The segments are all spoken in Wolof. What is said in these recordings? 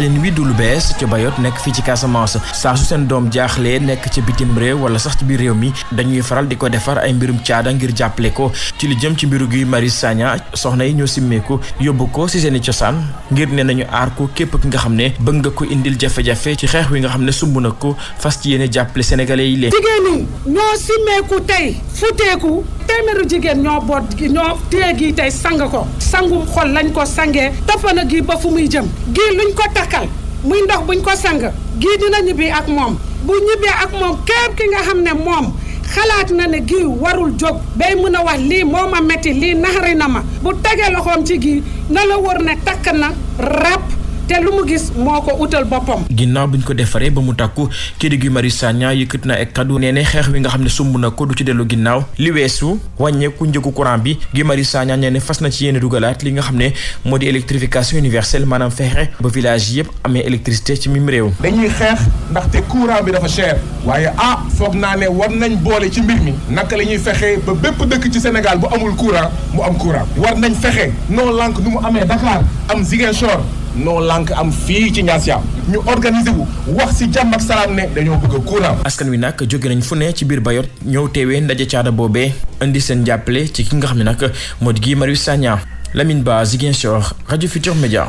doxalin wi du lu bees ca Bayot nekk fii ci Casamance saa su seen doom jaaxlee nekk ca bitim réew wala sax ci biir réew mi dañuy faral di ko defar ay mbirum caada ngir jàppale ko ci lu jëm ci mbiru Guy Marius Sagna soxna yi ñoo simmeeku yóbbu ko si seen cosaan ngir ne nañu aar ko képp ki nga xam ne bëgg nga ko indil jafe-jafe ci xeex wi nga xam ne sumb na ko fas ci yéene jàppale sénégalais yi leen jigéen ñoo simmeeku tey futeeku téeméeru jigéen ñoo boot gi ñoo téye gi tey sang ko sangum xol lañ ko sangee toppana gi ba fu muy jëm gii luñ ko takkal muy ndox buñ ko sang gii dina ñibbi ak moom bu ñibbee ak moom képp ki nga xam ne moom xalaat na ne gii warul jóg bay mën a wax lii moo ma metti lii naxari na ma bu tegee loxoom ci gii na la wër ne takk na ràpp te lu mu gis moo ko utal boppam. ginnaaw bi ñu ko defaree ba mu tàkku kii di Guy Marius Sagna yëkkat na ak kaddu nee ne xeex wi nga xam ne sumb na ko du ci dellu ginnaaw li weesu wàññeeku njëgu courant bi Guy Marius Sagna nee ne fas na ci yéen dugalaat li nga xam ne moo di électrification universelle maanaam fexe ba village yëpp amee électricité ci mim réew. dañuy xeex ndaxte courant bi dafa cher waaye ah foog naa ne war nañ boole ci mbir mi naka la ñuy fexe ba bépp dëkk ci Sénégal bu amul courant mu am war nañ fexe non lank nu mu amee Dakar am Ziguinchor noo lànk am fii ci Ndiassiam ñu organiser wax si jàmm ak salaam ne dañoo bëgg courant. askan wi nag jóge nañ fu ne ci biir Bayot ñëw teewee ndaje caada boobee indi seen jàppale ci ki nga xam ne nag moo di Guy Marius Sagna Lamine Ba Ziguinchor rajo Futur Média.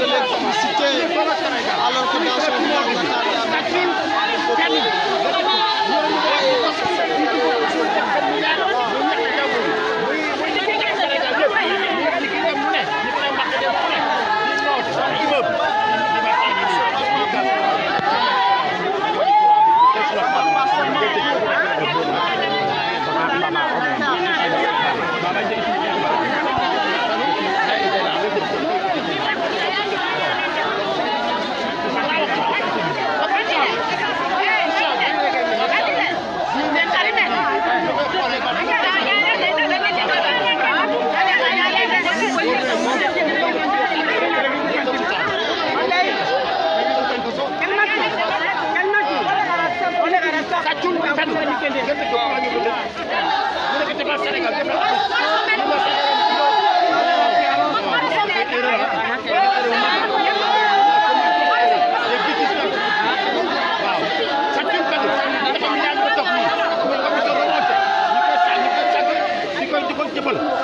je l'ai félicité alors que dugal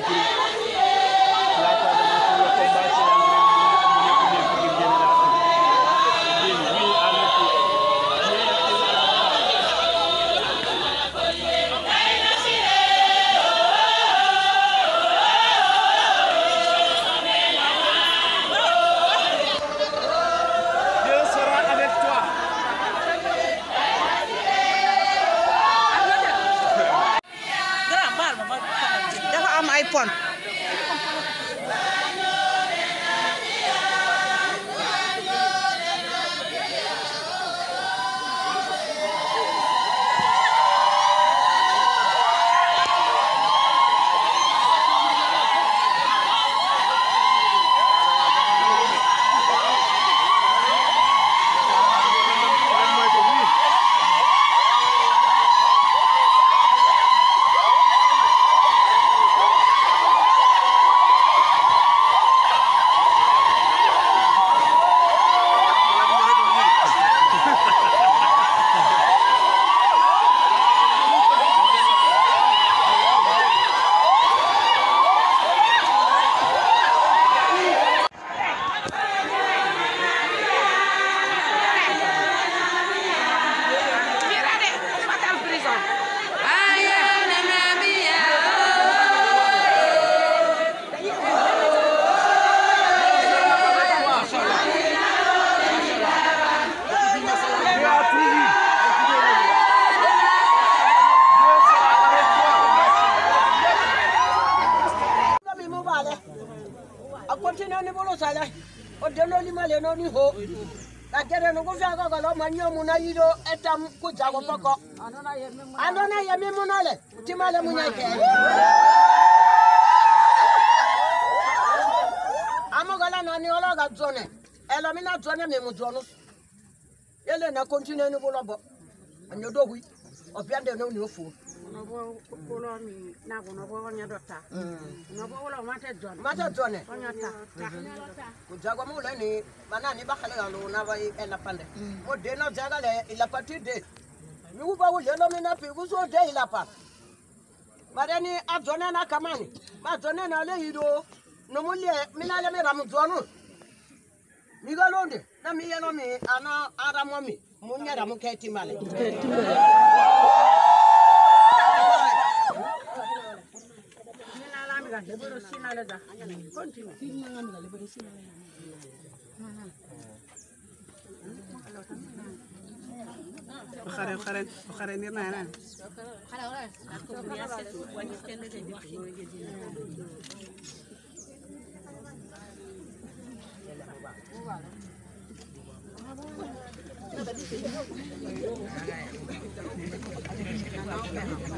pour katere nukufyaka kalomanyio munayilo etamu kujako poko andona yemi munole utimale munyekele amukola nanioloka dzone elo mina dzone mimudzonus yele na kontineni vulobo anyodohui opyandene uniofuna unoboolo mate jone mate jone onyo ta kujagwa mule ni banani bakhalela lo elapande mo de no jagale ilapati de mi uba ule lo mi na pi kuzo de ilapa bare ni ajone na kamani ma jone na le hido no mule mi na le mi jonu mi galonde na mi mi ana ara mu nyara mu ketimale जा हे बरोबर शिनाला जा कंटिन्यू तीन महिने झाले बरोबर शिनाला खरे खरे खरे निर्णय ना Thank you.